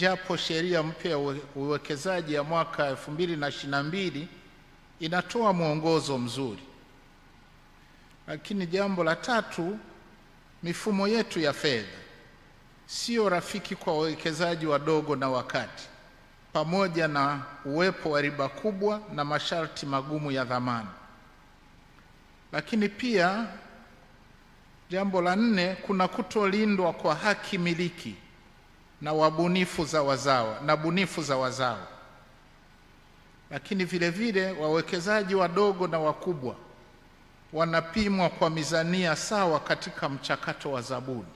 japo sheria mpya ya uwekezaji ya mwaka 2022 inatoa mwongozo mzuri. Lakini jambo la tatu, mifumo yetu ya fedha sio rafiki kwa wawekezaji wadogo na wakati, pamoja na uwepo wa riba kubwa na masharti magumu ya dhamana. Lakini pia jambo la nne, kuna kutolindwa kwa haki miliki na wabunifu za wazawa na bunifu za wazawa, lakini vile vile wawekezaji wadogo na wakubwa wanapimwa kwa mizania sawa katika mchakato wa zabuni.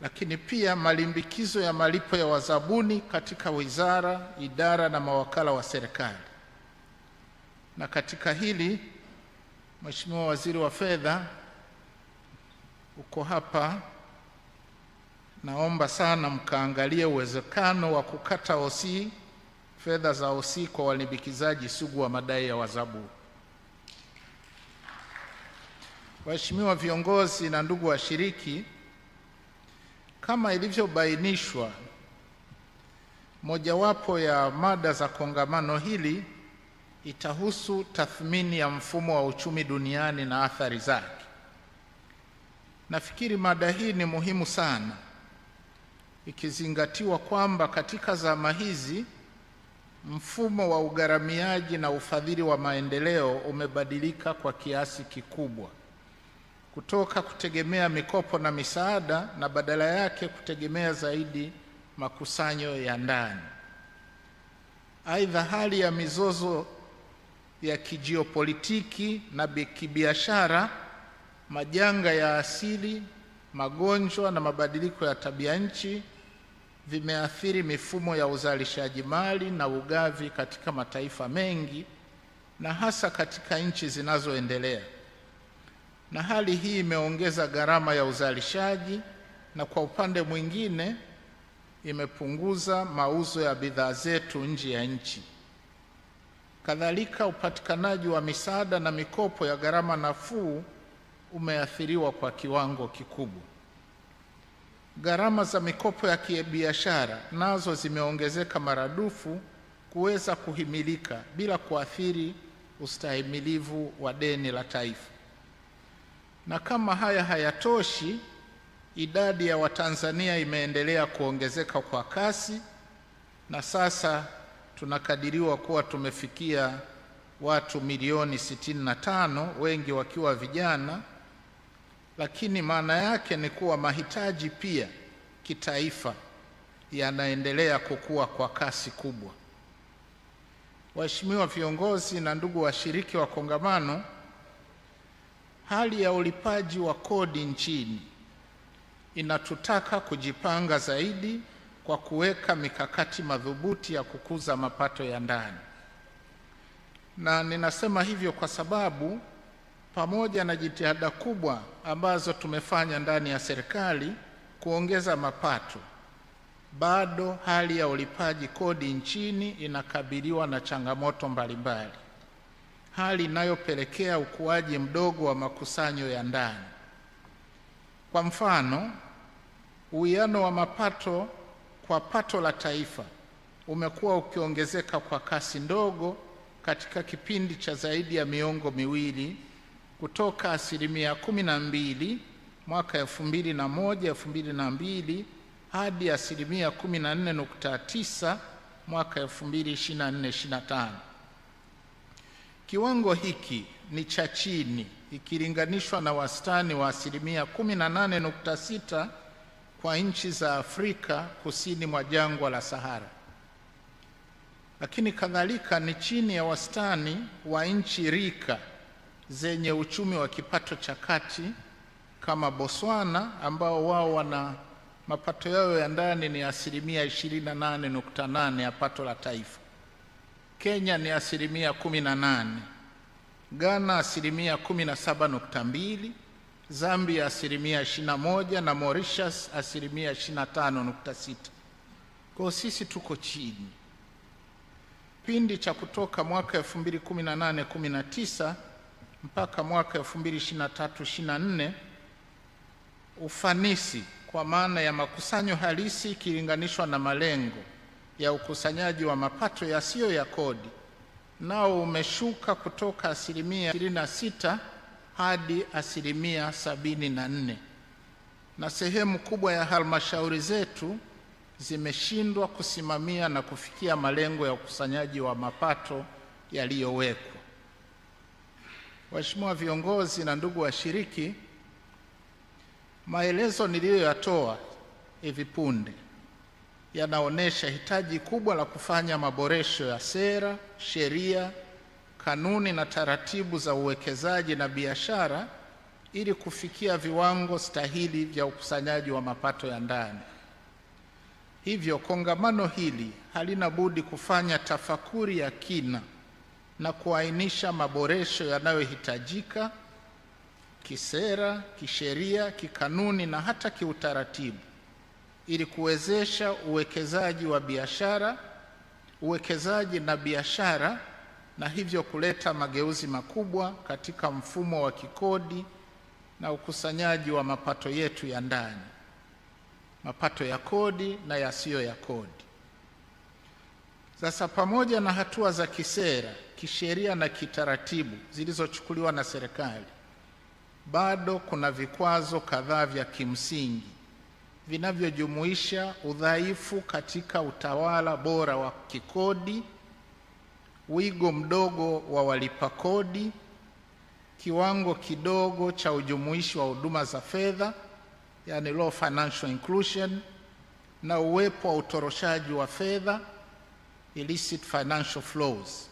Lakini pia malimbikizo ya malipo ya wazabuni katika wizara, idara na mawakala wa serikali. Na katika hili Mheshimiwa Waziri wa Fedha uko hapa naomba sana mkaangalie uwezekano wa kukata osi fedha za osi kwa walimbikizaji sugu wa madai ya wazabu. Waheshimiwa viongozi na ndugu washiriki, kama ilivyobainishwa, mojawapo ya mada za kongamano hili itahusu tathmini ya mfumo wa uchumi duniani na athari zake. Nafikiri mada hii ni muhimu sana ikizingatiwa kwamba katika zama hizi mfumo wa ugharamiaji na ufadhili wa maendeleo umebadilika kwa kiasi kikubwa kutoka kutegemea mikopo na misaada na badala yake kutegemea zaidi makusanyo ya ndani. Aidha, hali ya mizozo ya kijiopolitiki na kibiashara, majanga ya asili, magonjwa na mabadiliko ya tabia nchi vimeathiri mifumo ya uzalishaji mali na ugavi katika mataifa mengi na hasa katika nchi zinazoendelea, na hali hii imeongeza gharama ya uzalishaji na kwa upande mwingine imepunguza mauzo ya bidhaa zetu nje ya nchi. Kadhalika, upatikanaji wa misaada na mikopo ya gharama nafuu umeathiriwa kwa kiwango kikubwa. Gharama za mikopo ya kibiashara nazo zimeongezeka maradufu kuweza kuhimilika bila kuathiri ustahimilivu wa deni la taifa. Na kama haya hayatoshi, idadi ya Watanzania imeendelea kuongezeka kwa kasi na sasa tunakadiriwa kuwa tumefikia watu milioni 65, wengi wakiwa vijana lakini maana yake ni kuwa mahitaji pia kitaifa yanaendelea kukua kwa kasi kubwa. Waheshimiwa viongozi na ndugu washiriki wa kongamano, hali ya ulipaji wa kodi nchini inatutaka kujipanga zaidi kwa kuweka mikakati madhubuti ya kukuza mapato ya ndani, na ninasema hivyo kwa sababu pamoja na jitihada kubwa ambazo tumefanya ndani ya serikali kuongeza mapato, bado hali ya ulipaji kodi nchini inakabiliwa na changamoto mbalimbali, hali inayopelekea ukuaji mdogo wa makusanyo ya ndani. Kwa mfano, uwiano wa mapato kwa pato la taifa umekuwa ukiongezeka kwa kasi ndogo katika kipindi cha zaidi ya miongo miwili kutoka asilimia mbili mwaka na mbili hadi asilimia tisa mwaka na tano Kiwango hiki ni cha chini ikilinganishwa na wastani wa asilimia 18.6 kwa nchi za Afrika kusini mwa jangwa la Sahara, lakini kadhalika ni chini ya wastani wa nchi rika zenye uchumi wa kipato cha kati kama Botswana ambao wao wana mapato yao ya ndani ni asilimia 28.8 ya pato la taifa, Kenya ni asilimia 18, Ghana asilimia 17.2, Zambia asilimia 21 na Mauritius asilimia 25.6. Kwa sisi tuko chini. Kipindi cha kutoka mwaka 2018 19 mpaka mwaka 2023 24 ufanisi kwa maana ya makusanyo halisi ikilinganishwa na malengo ya ukusanyaji wa mapato yasiyo ya kodi nao umeshuka kutoka asilimia 26 hadi asilimia 74, na sehemu kubwa ya halmashauri zetu zimeshindwa kusimamia na kufikia malengo ya ukusanyaji wa mapato yaliyowekwa. Waheshimiwa viongozi na ndugu washiriki, maelezo niliyoyatoa hivi punde yanaonyesha hitaji kubwa la kufanya maboresho ya sera, sheria, kanuni na taratibu za uwekezaji na biashara ili kufikia viwango stahili vya ukusanyaji wa mapato ya ndani. Hivyo kongamano hili halina budi kufanya tafakuri ya kina na kuainisha maboresho yanayohitajika kisera, kisheria, kikanuni na hata kiutaratibu ili kuwezesha uwekezaji wa biashara, uwekezaji na biashara na hivyo kuleta mageuzi makubwa katika mfumo wa kikodi na ukusanyaji wa mapato yetu ya ndani, mapato ya kodi na yasiyo ya kodi. Sasa pamoja na hatua za kisera kisheria na kitaratibu zilizochukuliwa na serikali, bado kuna vikwazo kadhaa vya kimsingi vinavyojumuisha udhaifu katika utawala bora wa kikodi, wigo mdogo wa walipa kodi, kiwango kidogo cha ujumuishi wa huduma za fedha, yani low financial inclusion, na uwepo wa utoroshaji wa fedha illicit financial flows.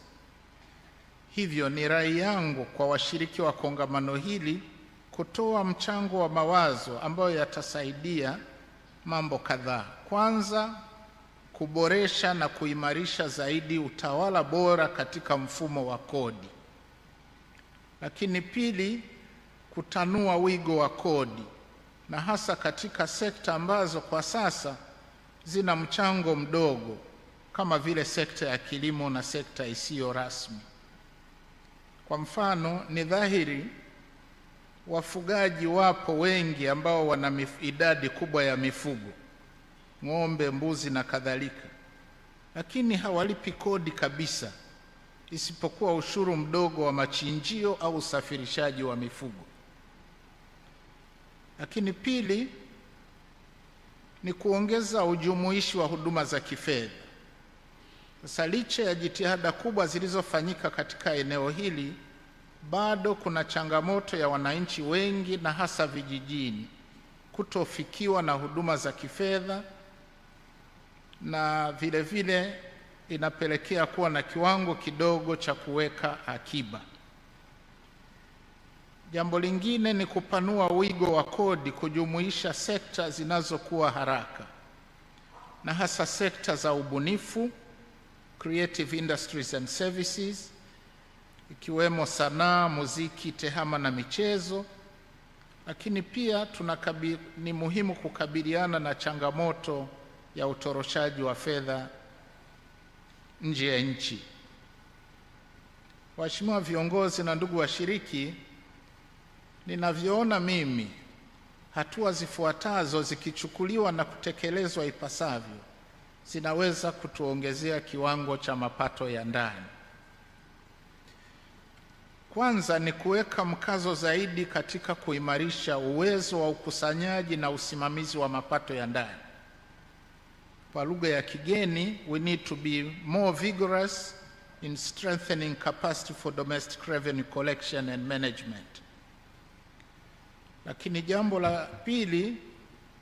Hivyo ni rai yangu kwa washiriki wa kongamano hili kutoa mchango wa mawazo ambayo yatasaidia mambo kadhaa. Kwanza, kuboresha na kuimarisha zaidi utawala bora katika mfumo wa kodi. Lakini pili, kutanua wigo wa kodi na hasa katika sekta ambazo kwa sasa zina mchango mdogo kama vile sekta ya kilimo na sekta isiyo rasmi. Kwa mfano, ni dhahiri wafugaji wapo wengi ambao wana mif, idadi kubwa ya mifugo ng'ombe, mbuzi na kadhalika, lakini hawalipi kodi kabisa isipokuwa ushuru mdogo wa machinjio au usafirishaji wa mifugo. Lakini pili ni kuongeza ujumuishi wa huduma za kifedha. Sasa licha ya jitihada kubwa zilizofanyika katika eneo hili, bado kuna changamoto ya wananchi wengi na hasa vijijini kutofikiwa na huduma za kifedha na vile vile inapelekea kuwa na kiwango kidogo cha kuweka akiba. Jambo lingine ni kupanua wigo wa kodi kujumuisha sekta zinazokuwa haraka na hasa sekta za ubunifu creative industries and services ikiwemo sanaa, muziki, tehama na michezo. Lakini pia tunakabili, ni muhimu kukabiliana na changamoto ya utoroshaji wa fedha nje ya nchi. Waheshimiwa viongozi na ndugu washiriki, ninavyoona mimi, hatua zifuatazo zikichukuliwa na kutekelezwa ipasavyo zinaweza kutuongezea kiwango cha mapato ya ndani. Kwanza ni kuweka mkazo zaidi katika kuimarisha uwezo wa ukusanyaji na usimamizi wa mapato ya ndani. Kwa lugha ya kigeni, we need to be more vigorous in strengthening capacity for domestic revenue collection and management. Lakini jambo la pili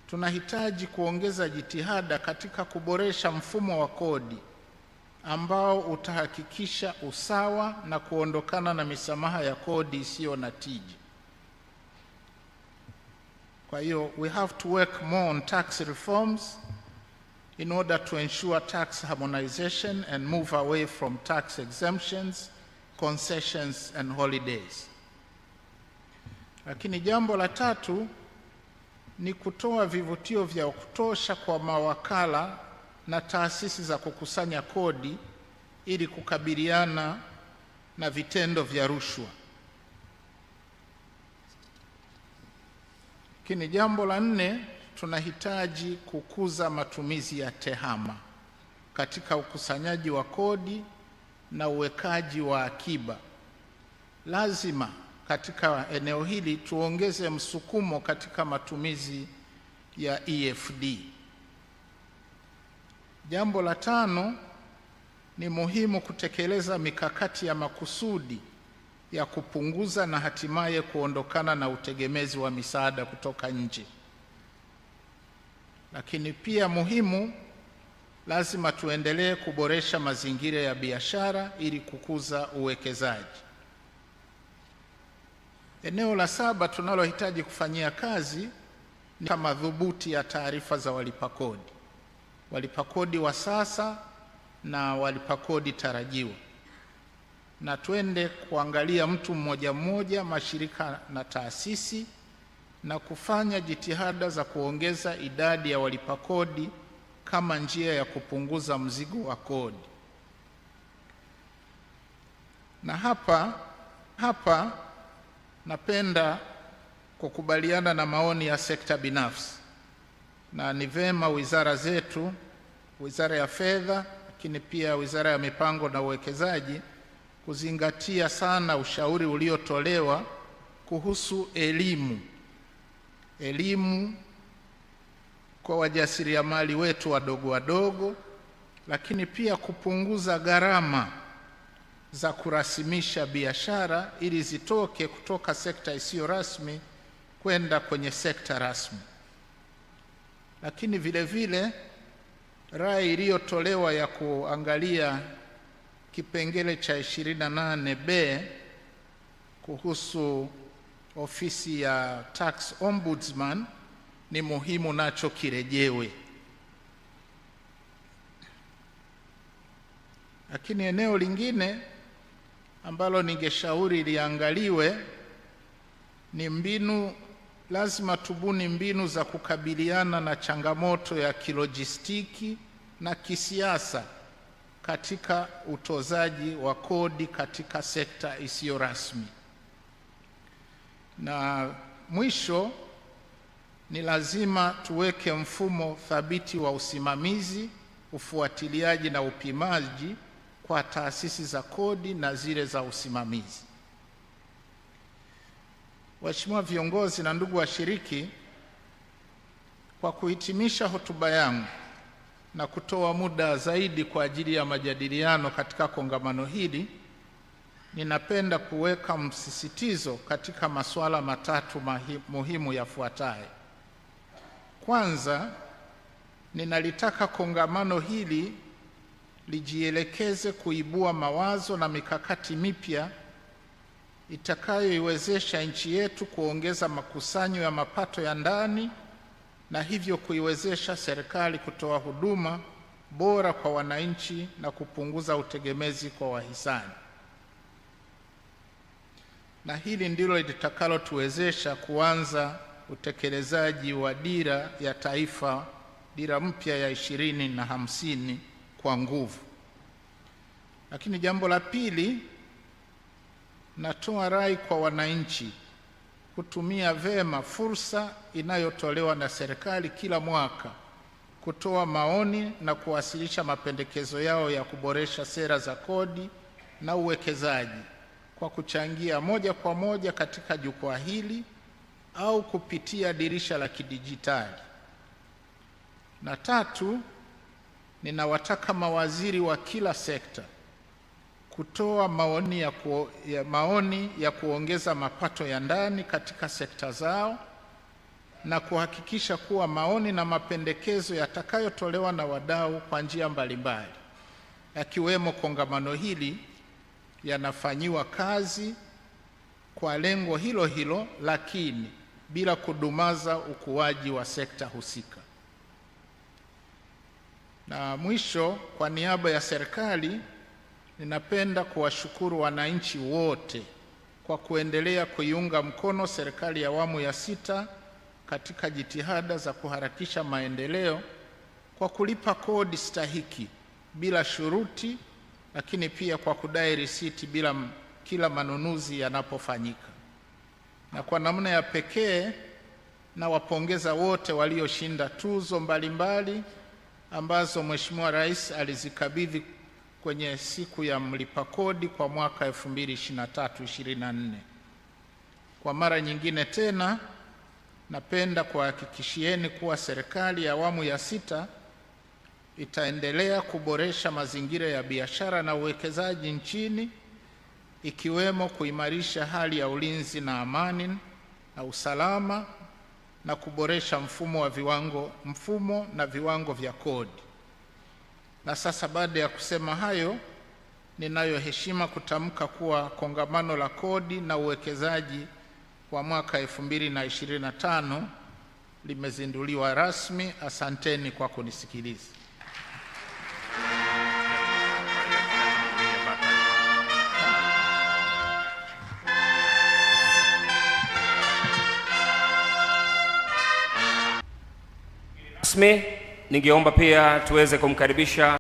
tunahitaji kuongeza jitihada katika kuboresha mfumo wa kodi ambao utahakikisha usawa na kuondokana na misamaha ya kodi isiyo na tija. Kwa hiyo we have to work more on tax reforms in order to ensure tax harmonization and move away from tax exemptions, concessions and holidays. Lakini jambo la tatu ni kutoa vivutio vya kutosha kwa mawakala na taasisi za kukusanya kodi ili kukabiliana na vitendo vya rushwa. Lakini jambo la nne, tunahitaji kukuza matumizi ya tehama katika ukusanyaji wa kodi na uwekaji wa akiba. Lazima katika eneo hili tuongeze msukumo katika matumizi ya EFD. Jambo la tano, ni muhimu kutekeleza mikakati ya makusudi ya kupunguza na hatimaye kuondokana na utegemezi wa misaada kutoka nje. Lakini pia muhimu, lazima tuendelee kuboresha mazingira ya biashara ili kukuza uwekezaji. Eneo la saba tunalohitaji kufanyia kazi ni madhubuti ya taarifa za walipa kodi, walipa kodi wa sasa na walipa kodi tarajiwa, na twende kuangalia mtu mmoja mmoja, mashirika na taasisi, na kufanya jitihada za kuongeza idadi ya walipa kodi kama njia ya kupunguza mzigo wa kodi na hapa hapa Napenda kukubaliana na maoni ya sekta binafsi, na ni vema wizara zetu, Wizara ya Fedha, lakini pia Wizara ya Mipango na Uwekezaji kuzingatia sana ushauri uliotolewa kuhusu elimu, elimu kwa wajasiriamali wetu wadogo wadogo, lakini pia kupunguza gharama za kurasimisha biashara ili zitoke kutoka sekta isiyo rasmi kwenda kwenye sekta rasmi. Lakini vile vile rai iliyotolewa ya kuangalia kipengele cha 28B kuhusu ofisi ya tax ombudsman ni muhimu, nacho kirejewe. Lakini eneo lingine ambalo ningeshauri liangaliwe ni mbinu, lazima tubuni mbinu za kukabiliana na changamoto ya kilojistiki na kisiasa katika utozaji wa kodi katika sekta isiyo rasmi. Na mwisho ni lazima tuweke mfumo thabiti wa usimamizi, ufuatiliaji na upimaji kwa taasisi za kodi na zile za usimamizi. Waheshimiwa viongozi na ndugu washiriki, kwa kuhitimisha hotuba yangu na kutoa muda zaidi kwa ajili ya majadiliano katika kongamano hili, ninapenda kuweka msisitizo katika masuala matatu muhimu yafuatayo. Kwanza, ninalitaka kongamano hili lijielekeze kuibua mawazo na mikakati mipya itakayoiwezesha nchi yetu kuongeza makusanyo ya mapato ya ndani na hivyo kuiwezesha serikali kutoa huduma bora kwa wananchi na kupunguza utegemezi kwa wahisani. Na hili ndilo litakalotuwezesha kuanza utekelezaji wa dira ya taifa, dira mpya ya ishirini na hamsini kwa nguvu. Lakini jambo la pili, natoa rai kwa wananchi kutumia vema fursa inayotolewa na serikali kila mwaka kutoa maoni na kuwasilisha mapendekezo yao ya kuboresha sera za kodi na uwekezaji kwa kuchangia moja kwa moja katika jukwaa hili au kupitia dirisha la kidijitali. Na tatu, Ninawataka mawaziri wa kila sekta kutoa maoni ya, ku, ya maoni ya kuongeza mapato ya ndani katika sekta zao na kuhakikisha kuwa maoni na mapendekezo yatakayotolewa na wadau kwa njia mbalimbali yakiwemo kongamano hili yanafanyiwa kazi kwa lengo hilo hilo, lakini bila kudumaza ukuaji wa sekta husika. Na mwisho, kwa niaba ya serikali ninapenda kuwashukuru wananchi wote kwa kuendelea kuiunga mkono serikali ya awamu ya sita katika jitihada za kuharakisha maendeleo kwa kulipa kodi stahiki bila shuruti, lakini pia kwa kudai risiti bila kila manunuzi yanapofanyika. Na kwa namna ya pekee nawapongeza wote walioshinda tuzo mbalimbali mbali, ambazo Mheshimiwa Rais alizikabidhi kwenye siku ya mlipa kodi kwa mwaka 2023/24. Kwa mara nyingine tena napenda kuhakikishieni kuwa serikali ya awamu ya sita itaendelea kuboresha mazingira ya biashara na uwekezaji nchini ikiwemo kuimarisha hali ya ulinzi na amani na usalama na kuboresha mfumo wa viwango, mfumo na viwango vya kodi. Na sasa baada ya kusema hayo, ninayo heshima kutamka kuwa kongamano la kodi na uwekezaji wa mwaka 2025 limezinduliwa rasmi. Asanteni kwa kunisikiliza. Rasmi, ningeomba pia tuweze kumkaribisha